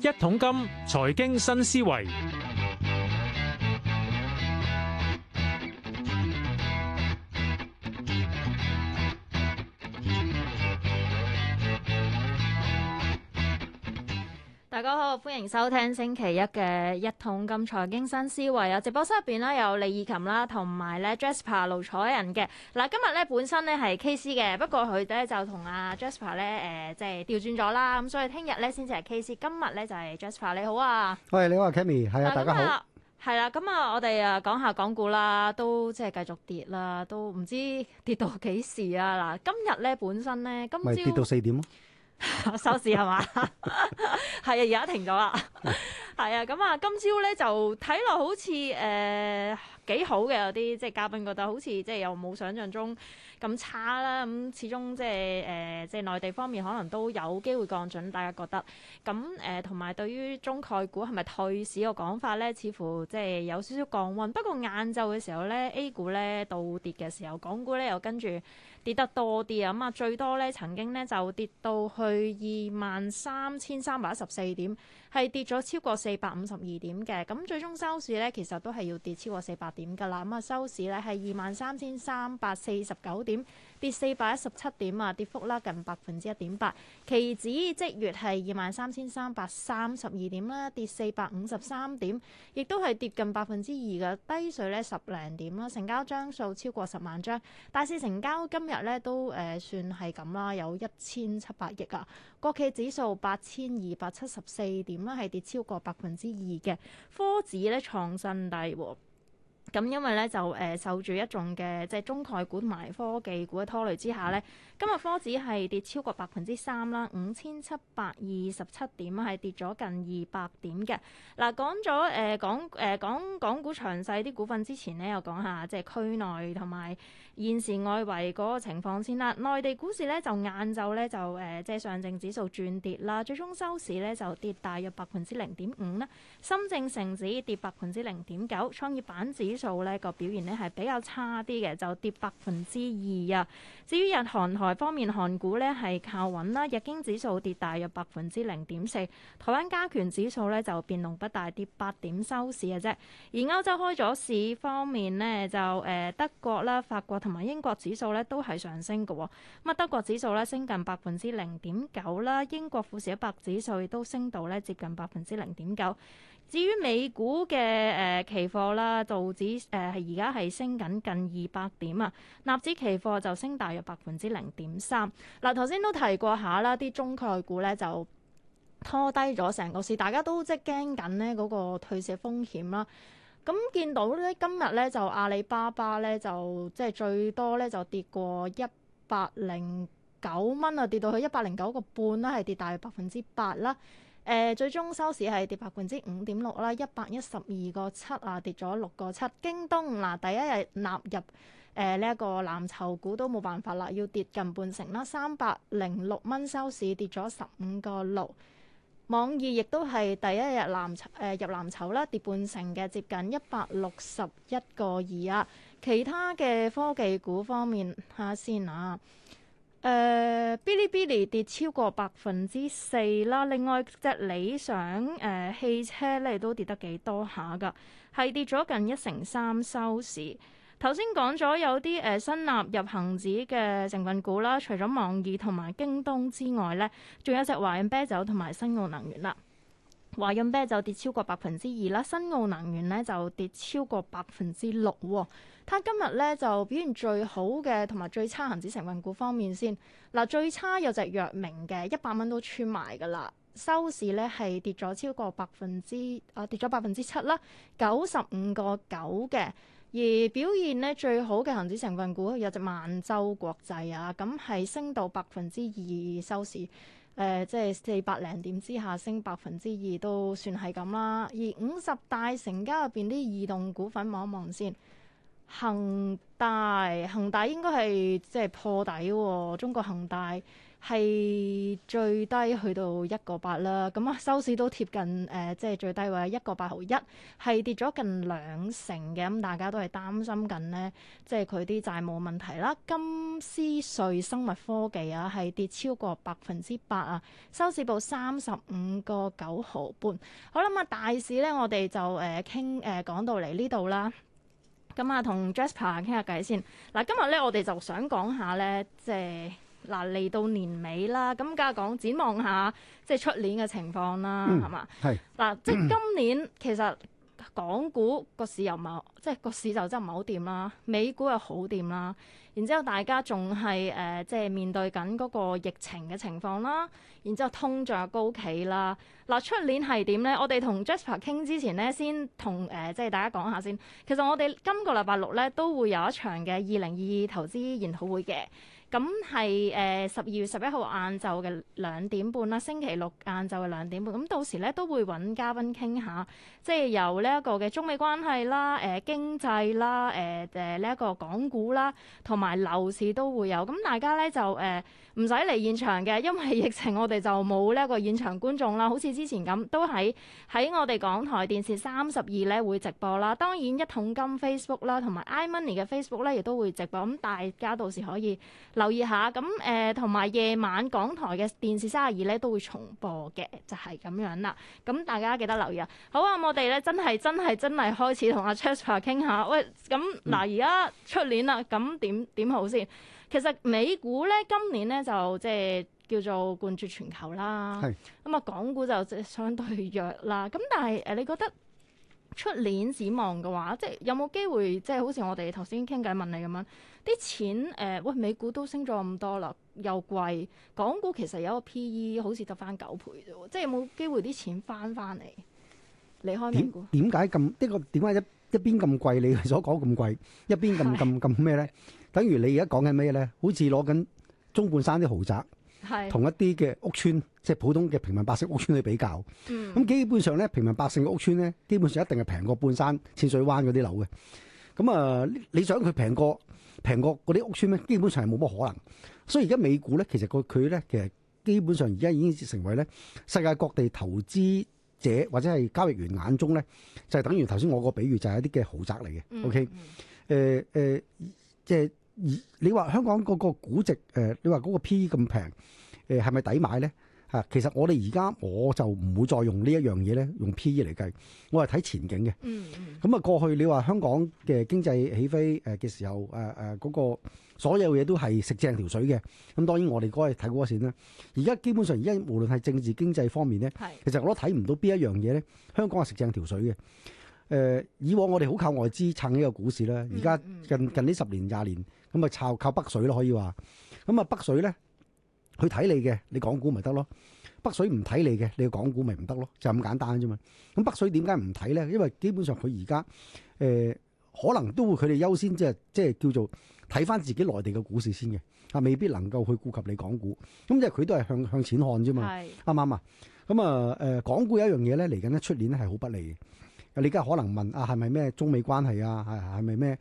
一桶金財經新思維。大家好，歡迎收聽星期一嘅一桶金財經新思維啊！直播室入邊咧有李以琴啦，同埋咧 Jasper 盧楚仁嘅。嗱，今日咧本身咧係 KC 嘅，不過佢咧就同阿 Jasper 咧、呃、誒，即係調轉咗啦。咁所以聽日咧先至係 KC 今日咧就係 Jasper。你好啊，喂，你好啊 Cammy 係啊，天大家好。係啦，咁啊，我哋啊講下港股啦，都即係繼續跌啦，都唔知跌到幾時啊！嗱，今日咧本身咧今朝跌到四點。 收市係嘛，係啊，而 家停咗啦，係啊，咁啊，今朝咧就睇落好似誒、呃、幾好嘅，有啲即係嘉賓覺得好似即係又冇想象中咁差啦，咁始終即係誒、呃、即係內地方面可能都有機會降準，大家覺得咁誒，同埋、呃、對於中概股係咪退市個講法咧，似乎即係有少少降溫。不過晏晝嘅時候咧，A 股咧倒跌嘅時候，港股咧又跟住，跌得多啲啊！咁啊，最多咧，曾經咧就跌到去二萬三千三百一十四點，係跌咗超過四百五十二點嘅。咁最終收市咧，其實都係要跌超過四百點㗎啦。咁啊，收市咧係二萬三千三百四十九點。跌四百一十七點啊，跌幅啦近百分之一點八。期指即月係二萬三千三百三十二點啦，跌四百五十三點，亦都係跌近百分之二嘅低水咧十零點啦。成交張數超過十萬張，大市成交今日咧都誒算係咁啦，有一千七百億啊。國企指數八千二百七十四點啦，係跌超過百分之二嘅。科指咧創新低喎。咁因為咧就誒、呃、受住一眾嘅即係中概股同埋科技股嘅拖累之下咧，今日科指係跌超過百分之三啦，五千七百二十七點係跌咗近二百點嘅。嗱、啊、講咗誒港誒講港股詳細啲股份之前咧，又講下即係區內同埋現時外圍嗰個情況先啦。內地股市咧就晏晝咧就誒、呃、即係上證指數轉跌啦，最終收市咧就跌大約百分之零點五啦。深證成指跌百分之零點九，9, 創業板指數呢個表現呢係比較差啲嘅，就跌百分之二啊。至於日韓台方面，韓股呢係靠穩啦，日經指數跌大約百分之零點四，台灣加權指數呢就變動不大，跌八點收市嘅啫。而歐洲開咗市方面呢，就誒、呃、德國啦、法國同埋英國指數呢都係上升嘅。咁啊，德國指數呢升近百分之零點九啦，英國富時一百指數亦都升到呢接近百分之零點九。至於美股嘅誒期貨啦，道指誒係而家係升緊近二百點啊，納指期貨就升大約百分之零點三。嗱、啊，頭先都提過下啦，啲中概股咧就拖低咗成個市，大家都即係驚緊咧嗰個退市風險啦。咁見到咧今日咧就阿里巴巴咧就即係、就是、最多咧就跌過一百零九蚊啊，跌到去一百零九個半啦，係跌大約百分之八啦。誒最終收市係跌百分之五點六啦，一百一十二個七啊，跌咗六個七。京東嗱第一日納入誒呢一個藍籌股都冇辦法啦，要跌近半成啦，三百零六蚊收市跌咗十五個六。網易亦都係第一日藍籌誒、呃、入藍籌啦，跌半成嘅接近一百六十一個二啊。其他嘅科技股方面，下先啊。誒、uh，Bilibili 跌超過百分之四啦。另外，隻理想誒、呃、汽車咧都跌得幾多下㗎，係跌咗近一成三收市。頭先講咗有啲誒、呃、新納入恆指嘅成分股啦，除咗網易同埋京東之外咧，仲有隻華潤啤酒同埋新奧能源啦。華潤啤酒跌超過百分之二啦，新奧能源咧就跌超過百分之六。睇下今日咧就表現最好嘅同埋最差恆指成分股方面先。嗱、啊，最差有隻藥明嘅一百蚊都穿埋噶啦，收市咧係跌咗超過百分之啊跌咗百分之七啦，九十五個九嘅。而表現咧最好嘅恆指成分股有隻萬洲國際啊，咁係升到百分之二收市。誒、呃，即係四百零點之下升，升百分之二都算係咁啦。而五十大成交入邊啲異動股份望一望先，恒大，恒大應該係即係破底喎、哦，中國恒大。係最低去到一個八啦，咁啊收市都貼近誒、呃，即係最低位一個八毫一，係跌咗近兩成嘅。咁大家都係擔心緊咧，即係佢啲債務問題啦。金斯瑞生物科技啊，係跌超過百分之八啊，收市報三十五個九毫半。好、呃呃、啦，咁啊大市咧，我哋就誒傾誒講到嚟呢度啦。咁啊，同 Jasper 傾下偈先。嗱，今日咧我哋就想講下咧，即係。嗱，嚟到年尾啦，咁梗係講展望下，即係出年嘅情況啦，係嘛？係嗱，即係今年、嗯、其實港股個市又唔係，即係個市就真係唔係好掂啦。美股又好掂啦，然之後大家仲係誒，即係面對緊嗰個疫情嘅情況啦，然之後通脹高企啦。嗱，出年係點咧？我哋同 Jasper 傾之前咧，先同誒、呃、即係大家講下先。其實我哋今個禮拜六咧都會有一場嘅二零二二投資研討會嘅。咁係誒十二月十一號晏晝嘅兩點半啦，星期六晏晝嘅兩點半。咁到時咧都會揾嘉賓傾下，即係由呢一個嘅中美關係啦、誒、呃、經濟啦、誒誒呢一個港股啦，同埋樓市都會有。咁大家咧就誒唔使嚟現場嘅，因為疫情我哋就冇呢一個現場觀眾啦。好似之前咁，都喺喺我哋港台電視三十二咧會直播啦。當然一桶金 Facebook 啦，同埋 iMoney 嘅 Facebook 咧亦都會直播。咁大家到時可以。留意下咁誒，同埋夜晚港台嘅電視三十二咧都會重播嘅，就係、是、咁樣啦。咁大家記得留意啊！好啊，我哋咧真係真係真係開始同阿 Chester 傾下。喂，咁嗱，而家出年啦，咁點點好先？其實美股咧今年咧就即係叫做冠絕全球啦。係是。咁啊，港股就即係相對弱啦。咁但係誒、呃，你覺得？出年展望嘅話，即係有冇機會？即係好似我哋頭先傾偈問你咁樣啲錢誒喂、哎，美股都升咗咁多啦，又貴。港股其實有個 PE，好似得翻九倍啫。即係有冇機會啲錢翻翻嚟？離開美股點解咁？呢個點解一一邊咁貴？你所講咁貴一邊咁咁咁咩咧？等於你而家講緊咩咧？好似攞緊中半山啲豪宅。同一啲嘅屋邨，即係普通嘅平民百姓屋邨去比較，咁、嗯、基本上咧，平民百姓嘅屋邨咧，基本上一定係平過半山淺水灣嗰啲樓嘅。咁啊、呃，你想佢平過平過嗰啲屋邨咧，基本上係冇乜可能。所以而家美股咧，其實個佢咧，其實基本上而家已經成為咧，世界各地投資者或者係交易員眼中咧，就係、是、等於頭先我個比喻，就係、是、一啲嘅豪宅嚟嘅。OK，誒誒，即係。而你話香港嗰個估值誒、呃，你話嗰個 P E 咁平，誒係咪抵買咧？嚇、啊，其實我哋而家我就唔會再用一呢一樣嘢咧，用 P E 嚟計，我係睇前景嘅。嗯咁、嗯、啊，過去你話香港嘅經濟起飛誒嘅時候誒誒，嗰、啊啊嗰個所有嘢都係食正條水嘅。咁當然我哋過去睇過先啦。而家基本上而家無論係政治經濟方面咧，係是其實我都睇唔到邊一樣嘢咧，香港係食正條水嘅。誒、呃，以往我哋好靠外資撐呢個股市啦。而家近近呢十年廿年。咁啊靠靠北水咯，可以話，咁啊北水咧，佢睇你嘅，你港股咪得咯？北水唔睇你嘅，你港股咪唔得咯？就咁簡單啫嘛。咁北水點解唔睇咧？因為基本上佢而家誒可能都會佢哋優先即係即係叫做睇翻自己內地嘅股市先嘅，啊未必能夠去顧及你港股。咁、嗯、即係佢都係向向錢看啫嘛。啱唔啱啊？咁啊誒港股有一樣嘢咧，嚟緊咧出年咧係好不利嘅。你而家可能問啊，係咪咩中美關係啊？係係咪咩？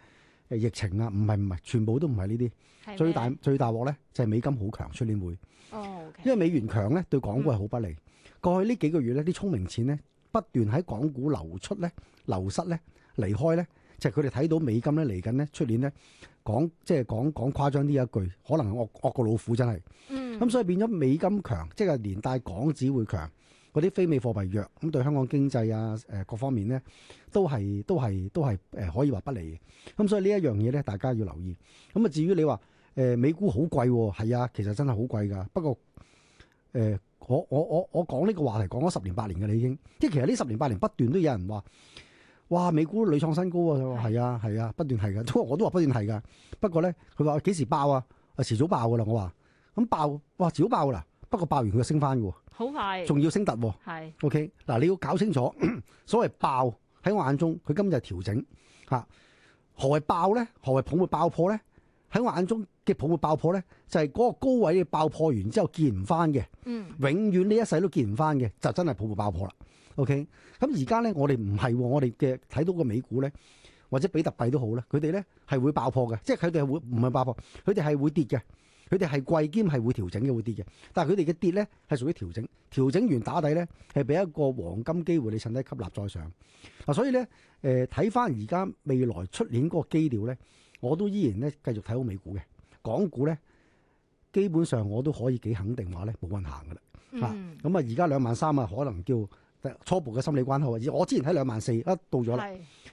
疫情啊，唔係唔係，全部都唔係呢啲。最大最大鑊咧，就係、是、美金好強，出年會。哦，oh, okay. 因為美元強咧，對港股係好不利。嗯、過去呢幾個月咧，啲聰明錢咧不斷喺港股流出咧、流失咧、離開咧，就係佢哋睇到美金咧嚟緊咧出年咧講，即、就、係、是、講講誇張呢一句，可能惡惡過老虎真係。嗯。咁所以變咗美金強，即係連帶港紙會強。嗰啲非美貨幣弱，咁對香港經濟啊，誒、呃、各方面咧，都係都係都係誒可以話不利嘅。咁所以呢一樣嘢咧，大家要留意。咁啊，至於你話誒、呃、美股好貴，哦，係啊，其實真係好貴㗎。不過誒、呃，我我我我講呢個話題講咗十年八年㗎啦已經。即係其實呢十年八年不斷都有人話，哇，美股屢創新高啊，係啊係啊，啊，不斷係㗎。我都話不斷係㗎。不過咧，佢話幾時爆啊？啊，遲早爆㗎啦。我話，咁爆哇，遲早爆㗎啦。不過爆完佢又升翻嘅喎，好快，仲要升突喎、啊，係是。O K，嗱你要搞清楚，所謂爆喺我眼中，佢今日就係調整嚇、啊。何謂爆咧？何謂泡沫爆破咧？喺我眼中嘅泡沫爆破咧，就係、是、嗰個高位嘅爆破完之後見唔翻嘅，嗯，永遠呢一世都見唔翻嘅，就真係泡沫爆破啦。O K，咁而家咧，我哋唔係，我哋嘅睇到個美股咧，或者比特幣都好咧，佢哋咧係會爆破嘅，即係佢哋係會唔係爆破，佢哋係會跌嘅。佢哋係貴兼係會調整嘅，會跌嘅。但係佢哋嘅跌咧係屬於調整，調整完打底咧係俾一個黃金機會你趁低吸納再上。嗱、啊，所以咧誒睇翻而家未來出年嗰個基調咧，我都依然咧繼續睇好美股嘅。港股咧基本上我都可以幾肯定話咧冇運行噶啦。嚇咁、嗯、啊！而家兩萬三啊，可能叫初步嘅心理關口。而我之前睇兩萬四，一到咗啦。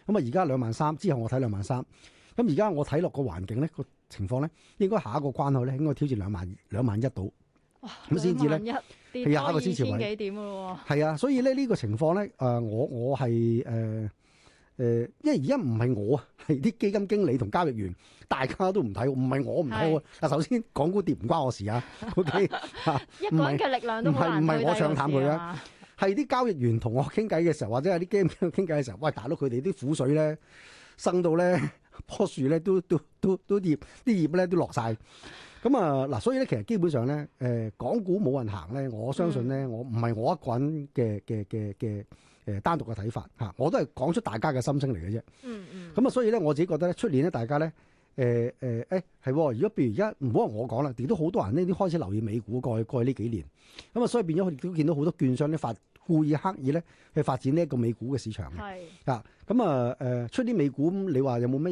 咁啊，而家兩萬三之後，我睇兩萬三。咁而家我睇落個環境咧個情況咧，應該下一個關口咧，應該挑戰兩萬兩萬一到，咁先至咧。多2，下一個先潮位，係啊，所以咧呢個情況咧，誒、呃、我我係誒誒，因為而家唔係我係啲基金經理同交易員，大家都唔睇，唔係我唔睇是啊，首先港股跌唔關我事啊，OK，一個人嘅力量都唔難係唔係我唱淡佢啊？係啲交易員同我傾偈嘅時候，或者係啲基金傾偈嘅時候，喂大佬，佢哋啲苦水咧，生到咧。棵樹咧都都都都葉啲葉咧都落晒。咁啊嗱，所以咧其實基本上咧，誒、呃、港股冇人行咧，我相信咧、嗯、我唔係我一個人嘅嘅嘅嘅誒單獨嘅睇法嚇、啊，我都係講出大家嘅心聲嚟嘅啫。嗯嗯。咁啊，所以咧我自己覺得咧，出年咧大家咧，誒誒誒係，如果譬如而家唔好話我講啦，亦都好多人呢，都開始留意美股過去過去呢幾年，咁啊所以變咗佢都見到好多券商啲發。故意刻意咧去發展呢一個美股嘅市場嘅，是啊，咁啊誒出啲美股你話有冇乜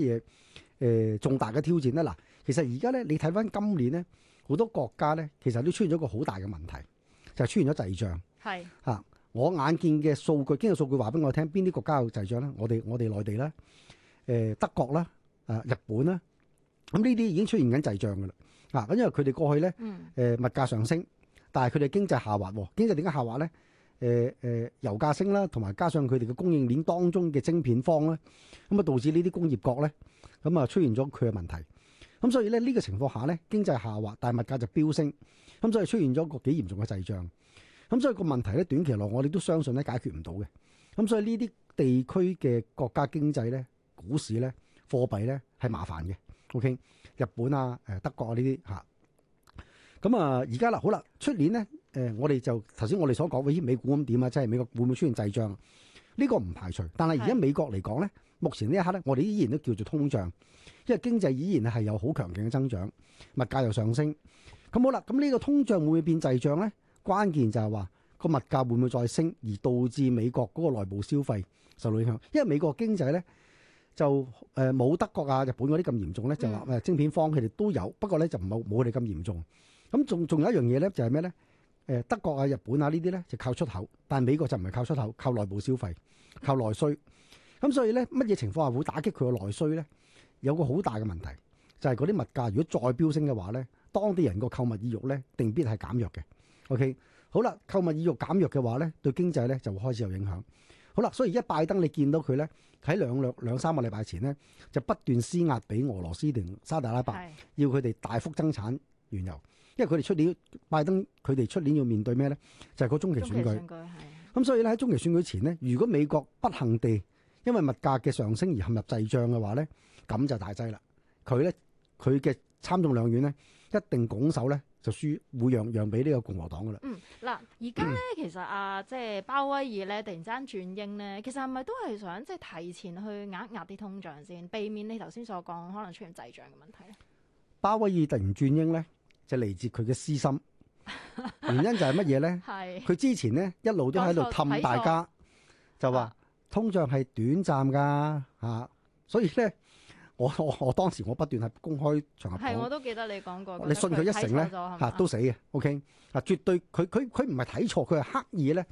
嘢誒重大嘅挑戰啊？嗱，其實而家咧，你睇翻今年咧，好多國家咧，其實都出現咗一個好大嘅問題，就係、是、出現咗滯脹係啊。我眼見嘅數據，經濟數據話俾我聽，邊啲國家有滯脹咧？我哋我哋內地啦，誒、呃、德國啦，啊日本啦，咁呢啲已經出現緊滯脹㗎喇。嗱、啊、咁因為佢哋過去咧誒、呃、物價上升，但係佢哋經濟下滑喎。經濟點解下滑咧？誒誒、呃，油價升啦，同埋加上佢哋嘅供應鏈當中嘅晶片方咧，咁啊導致呢啲工業國咧，咁啊出現咗佢嘅問題。咁所以咧呢個情況下咧，經濟下滑，但物價就飆升，咁所以出現咗一個幾嚴重嘅滯脹。咁所以個問題咧，短期內我哋都相信咧解決唔到嘅。咁所以呢啲地區嘅國家經濟咧、股市咧、貨幣咧係麻煩嘅。O、okay? K，日本啊、誒德國啊呢啲嚇。咁啊，而家啦，好啦，出年咧。誒、呃，我哋就頭先，我哋所講嘅依美股咁點啊，即係美國會唔會出現滯脹？呢、這個唔排除，但係而家美國嚟講咧，是目前呢一刻咧，我哋依然都叫做通脹，因為經濟依然係有好強勁嘅增長，物價又上升。咁好啦，咁呢個通脹會唔會變滯脹咧？關鍵就係話個物價會唔會再升，而導致美國嗰個內部消費受到影響。因為美國經濟咧就誒冇、呃、德國啊、日本嗰啲咁嚴重咧，嗯、就話誒晶片荒佢哋都有，不過咧就冇冇佢哋咁嚴重。咁仲仲有一樣嘢咧，就係咩咧？就是誒德國啊、日本啊呢啲咧就靠出口，但係美國就唔係靠出口，靠內部消費、靠內需。咁所以咧，乜嘢情況下會打擊佢個內需咧？有個好大嘅問題就係嗰啲物價如果再飆升嘅話咧，當地人個購物意欲咧定必係減弱嘅。OK，好啦，購物意欲減弱嘅話咧，對經濟咧就會開始有影響。好啦，所以而家拜登你見到佢咧喺兩兩兩三個禮拜前咧就不斷施壓俾俄羅斯定沙特阿拉伯，要佢哋大幅增產原油。因為佢哋出年拜登佢哋出年要面對咩咧？就係、是、個中期選舉。中期選舉係咁，所以咧喺中期選舉前咧，如果美國不幸地因為物價嘅上升而陷入滯脹嘅話咧，咁就大劑啦。佢咧佢嘅參眾兩院咧一定拱手咧就輸，會讓讓俾呢個共和黨噶啦。嗯嗱，而家咧其實啊，即、就、係、是、鮑威爾咧突然之間轉英咧，其實係咪都係想即係提前去壓壓啲通脹先，避免你頭先所講可能出現滯脹嘅問題？鮑威爾突然轉英咧？就嚟自佢嘅私心，原因就係乜嘢咧？佢 是之前咧一路都喺度氹大家，啊、就話通脹係短暫㗎嚇、啊，所以咧我我我當時我不斷係公開場合，係、嗯、我都記得你講過，你信佢一成咧嚇、啊、都死嘅，OK 啊，絕對佢佢佢唔係睇錯，佢係刻意咧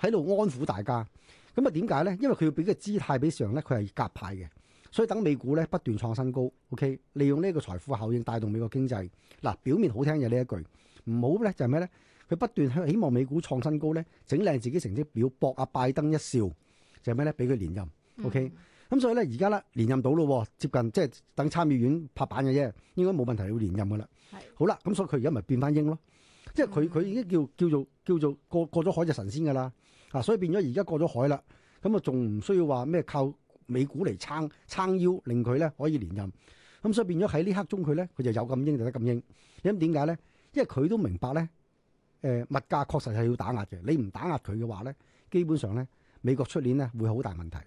喺度安撫大家。咁啊點解咧？因為佢要俾個姿態俾上咧，佢係夾派嘅。所以等美股咧不斷創新高，OK？利用呢一個財富效應帶動美國經濟。嗱、啊，表面好聽嘅呢一句，唔好咧就係咩咧？佢不斷希望美股創新高咧，整靚自己成績表，博阿、啊、拜登一笑，就係咩咧？俾佢連任，OK？咁、嗯啊、所以咧，而家咧連任到咯，接近即係等參議院拍板嘅啫，應該冇問題要連任噶啦。係是。好啦，咁、啊、所以佢而家咪變翻鷹咯，即係佢佢已經叫叫做叫做過過咗海就神仙噶啦，啊！所以變咗而家過咗海啦，咁啊仲唔需要話咩靠美股嚟撐撐腰，令佢咧可以連任。咁、嗯、所以變咗喺呢刻中佢咧，佢就有咁鷹就得咁鷹。因為點解咧？因為佢都明白咧，誒、呃、物價確實係要打壓嘅。你唔打壓佢嘅話咧，基本上咧美國出年咧會好大問題。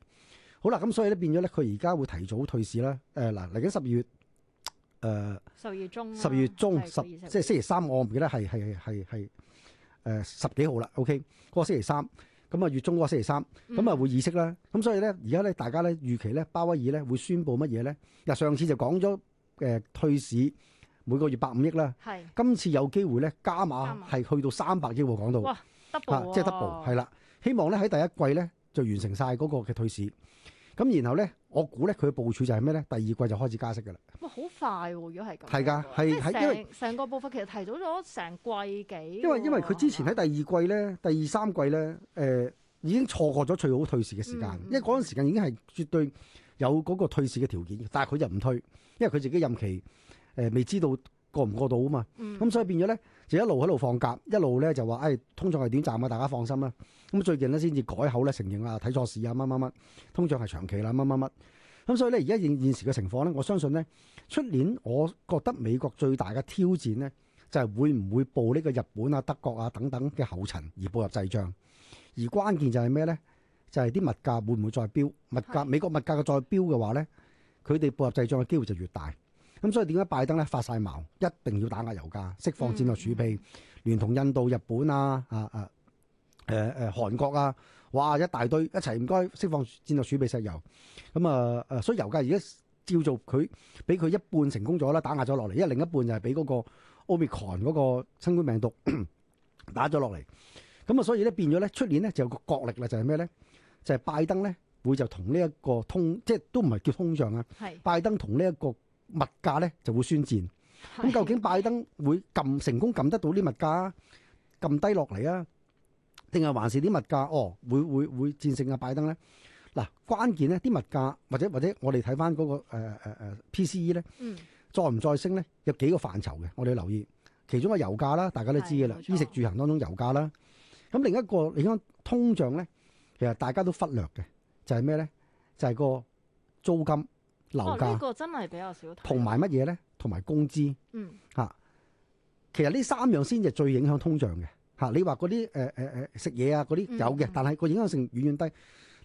好啦，咁、嗯、所以咧變咗咧，佢而家會提早退市啦。誒、呃、嗱，嚟緊、呃、十二月誒、啊，十二月中，十二月中十，即係星期三，我唔記得係係係係誒十幾號啦。OK，嗰個星期三。咁啊，月中嗰個星期三，咁啊、嗯、會意識啦。咁所以咧，而家咧大家咧預期咧，鮑威爾咧會宣布乜嘢咧？嗱，上次就講咗誒退市每個月百五億啦。係是。今次有機會咧加碼係去到三百億喎，講到嘩，即係 double 係啦。希望咧喺第一季咧就完成晒嗰個嘅退市。咁然後咧，我估咧佢嘅部署就係咩咧？第二季就開始加息㗎啦。哇！好快喎，如果係咁。係㗎，係喺因為成個步伐其實提早咗成季幾。因為因為佢之前喺第二季咧、嗎第二三季咧，誒、呃、已經錯過咗最好退市嘅時間。嗯、因為嗰陣時間已經係絕對有嗰個退市嘅條件，但係佢就唔退，因為佢自己任期誒未、呃、知道過唔過到啊嘛。咁所以變咗咧。嗯就一路喺度放鴿，一路咧就話，誒、哎，通脹係短暫啊，大家放心啦。咁最近咧先至改口咧，承認啊睇錯市啊，乜乜乜，通脹係長期啦，乜乜乜。咁所以咧，而家現現時嘅情況咧，我相信咧，出年我覺得美國最大嘅挑戰咧，就係、是、會唔會步呢個日本啊、德國啊等等嘅後塵而步入滯脹？而關鍵就係咩咧？就係、是、啲物價會唔會再飆？物價的美國物價嘅再飆嘅話咧，佢哋步入滯脹嘅機會就越大。咁所以點解拜登咧發晒矛，一定要打壓油價，釋放戰略儲備，聯、嗯嗯、同印度、日本啊、啊啊、誒、啊、誒、啊、韓國啊，哇一大堆一齊唔該釋放戰略儲備石油。咁啊誒、啊，所以油價而家叫做佢俾佢一半成功咗啦，打壓咗落嚟，因為另一半就係俾嗰個奧密克戎嗰個新冠病毒打咗落嚟。咁啊，所以咧變咗咧，出年咧就有個角力啦，就係咩咧？就係、是、拜登咧會就同呢一個通，即係都唔係叫通脹啊。拜登同呢一個。 物價咧就會宣戰，咁是究竟拜登會撳成功撳得到啲物價撳低落嚟啊？定係還是啲物價哦會會會戰勝阿、啊、拜登咧？嗱、啊、關鍵咧啲物價或者或者我哋睇翻嗰個誒誒誒 P C E 咧，嗯、再唔再升咧？有幾個範疇嘅，我哋要留意其中個油價啦，大家都知噶啦，衣食住行當中油價啦。咁另一個你講通脹咧，其實大家都忽略嘅就係咩咧？就係、是就是、個租金。樓價同埋乜嘢呢？同埋工資。嗯。吓、啊，其實呢三樣先至係最影響通脹嘅。吓、啊，你話嗰啲誒誒誒食嘢啊嗰啲有嘅，嗯嗯但係個影響性遠遠低。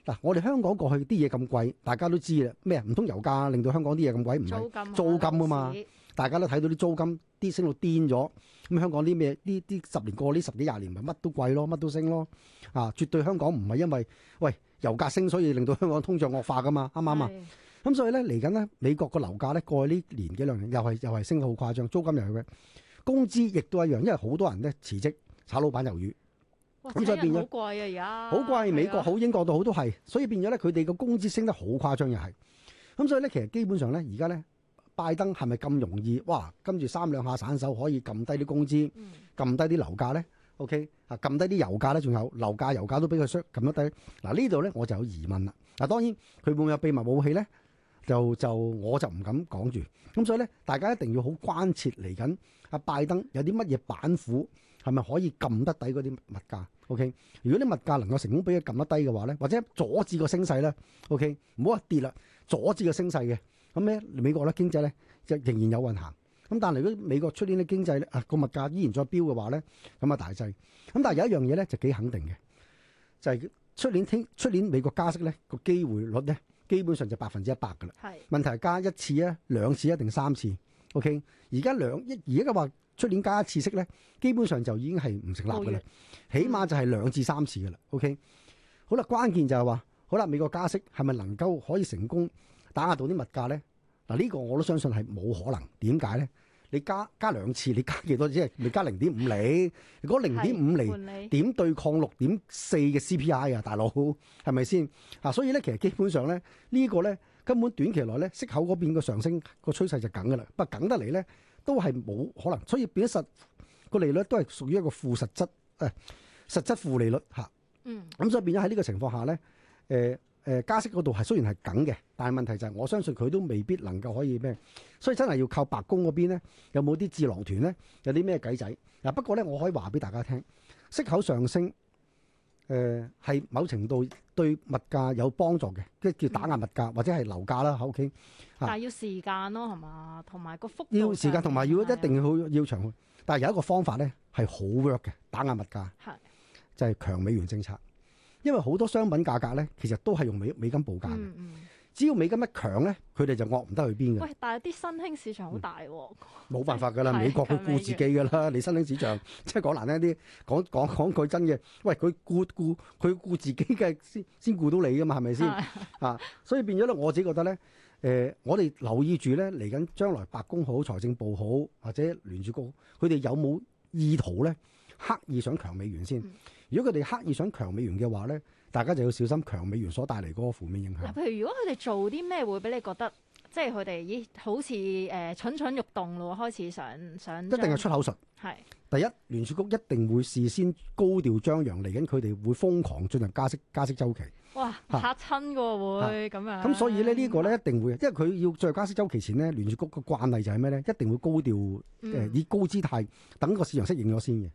嗱、啊，我哋香港過去啲嘢咁貴，大家都知啦。咩唔通油價令到香港啲嘢咁貴？唔係，租金。租金啊嘛。大家都睇到啲租金啲升到癲咗。咁香港啲咩？呢啲十年過呢十幾廿年咪乜都貴咯，乜都升咯。啊，絕對香港唔係因為喂油價升所以令到香港通脹惡化噶嘛？啱唔啱啊？咁所以咧，嚟緊咧，美國個樓價咧，過去呢年幾兩年又係又係升得好誇張，租金又係嘅，工資亦都一樣，因為好多人咧辭職炒老闆魷魚，咁哇所，所以變咗、啊、好貴是啊而家，好貴，美國好，英國到好都係，所以變咗咧，佢哋個工資升得好誇張又係，咁所以咧，其實基本上咧，而家咧，拜登係咪咁容易哇？跟住三兩下散手可以撳低啲工資，撳低啲樓價咧？O K 啊，撳、okay, 低啲油價咧，仲有樓價、油價都俾佢削撳低。嗱呢度咧我就有疑問啦。嗱，當然佢會唔會有秘密武器咧。就就我就唔敢講住，咁所以咧，大家一定要好關切嚟緊阿拜登有啲乜嘢板斧，係咪可以撳得底嗰啲物價？OK，如果啲物價能夠成功俾佢撳得低嘅話咧，或者阻止個升勢咧，OK，唔好一跌啦，阻止個升勢嘅，咁咧美國咧經濟咧就仍然有運行。咁但係如果美國出年啲經濟咧個、啊、物價依然再飆嘅話咧，咁啊大劑。咁但係有一樣嘢咧就幾肯定嘅，就係、是、出年聽出年美國加息咧個機會率咧。基本上就百分之一百噶啦，是問題係加一次吖，兩次一定三次，OK？而家兩一而家嘅話出年加一次息咧，基本上就已經係唔成立噶啦，月起碼就係兩至三次噶啦，OK？好啦，關鍵就係話，好啦，美國加息係咪能夠可以成功打壓到啲物價咧？嗱、啊、呢、呢個我都相信係冇可能，點解咧？你加加兩次，你加幾多啫？你加零點五厘。 如果零點五厘點對抗六點四嘅 CPI 啊，大佬係咪先啊？所以咧，其實基本上咧呢、呢個咧根本短期內咧息口嗰邊個上升個趨勢就梗㗎啦。不過梗得嚟咧都係冇可能，所以變咗實個利率都係屬於一個負實質誒、啊、實質負利率嚇。啊、嗯，咁所以變咗喺呢個情況下咧誒。呃誒、呃、加息嗰度係雖然係梗嘅，但係問題就係我相信佢都未必能夠可以咩，所以真係要靠白宮嗰邊咧，有冇啲智囊團咧，有啲咩計仔嗱？不過咧，我可以話俾大家聽，息口上升誒係、呃、某程度對物價有幫助嘅，即係叫打壓物價或者係樓價啦，口、okay? 傾、啊。但係要時間咯，係嘛？同埋個幅度要時間，同埋要一定要的要長去，但係有一個方法咧係好 work 嘅，打壓物價係的就係強美元政策。因為好多商品價格咧，其實都係用美美金報價嘅。嗯、只要美金一強咧，佢哋就惡唔得去邊嘅。喂，但係啲新興市場好大喎，冇、嗯、辦法噶啦，就是、美國佢顧自己噶啦。你新興市場， 即係講難聽啲，講講講句真嘅，喂，佢顧顧佢顧自己嘅先先顧到你噶嘛，係咪先？ 啊，所以變咗咧，我自己覺得咧，誒、呃，我哋留意住咧嚟緊將來白宮好，財政部好，或者聯儲局，佢哋有冇意圖咧，刻意想強美元先？嗯如果佢哋刻意想強美元嘅話咧，大家就要小心強美元所帶嚟嗰個負面影響。嗱，譬如如果佢哋做啲咩會俾你覺得，即係佢哋咦好似誒、呃、蠢蠢欲動咯，開始想想。一定係出口術。係是，第一聯儲局一定會事先高調張揚，嚟緊佢哋會瘋狂進行加息加息週期。哇！嚇親喎會咁樣啊！咁、啊啊、所以咧呢個咧一定會，因為佢要再加息週期前咧聯儲局個慣例就係咩咧，一定會高調誒、呃、以高姿態等個市場適應咗先嘅。嗯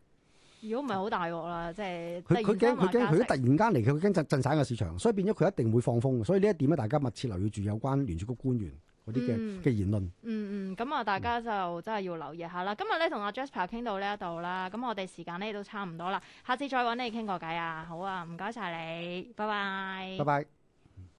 如果唔係好大鑊啦，呃、即係佢佢驚佢驚佢突然間嚟，佢驚震散個市場，所以變咗佢一定會放風，所以呢一點咧，大家密切留意住有關聯儲局官員嗰啲嘅嘅言論。嗯嗯，咁、嗯、啊、嗯嗯，大家就真係要留意下啦。嗯、今日咧同阿 Jasper 傾到呢一度啦，咁我哋時間咧都差唔多啦，下次再揾你傾個偈啊！好啊，唔該晒你，拜拜，拜拜。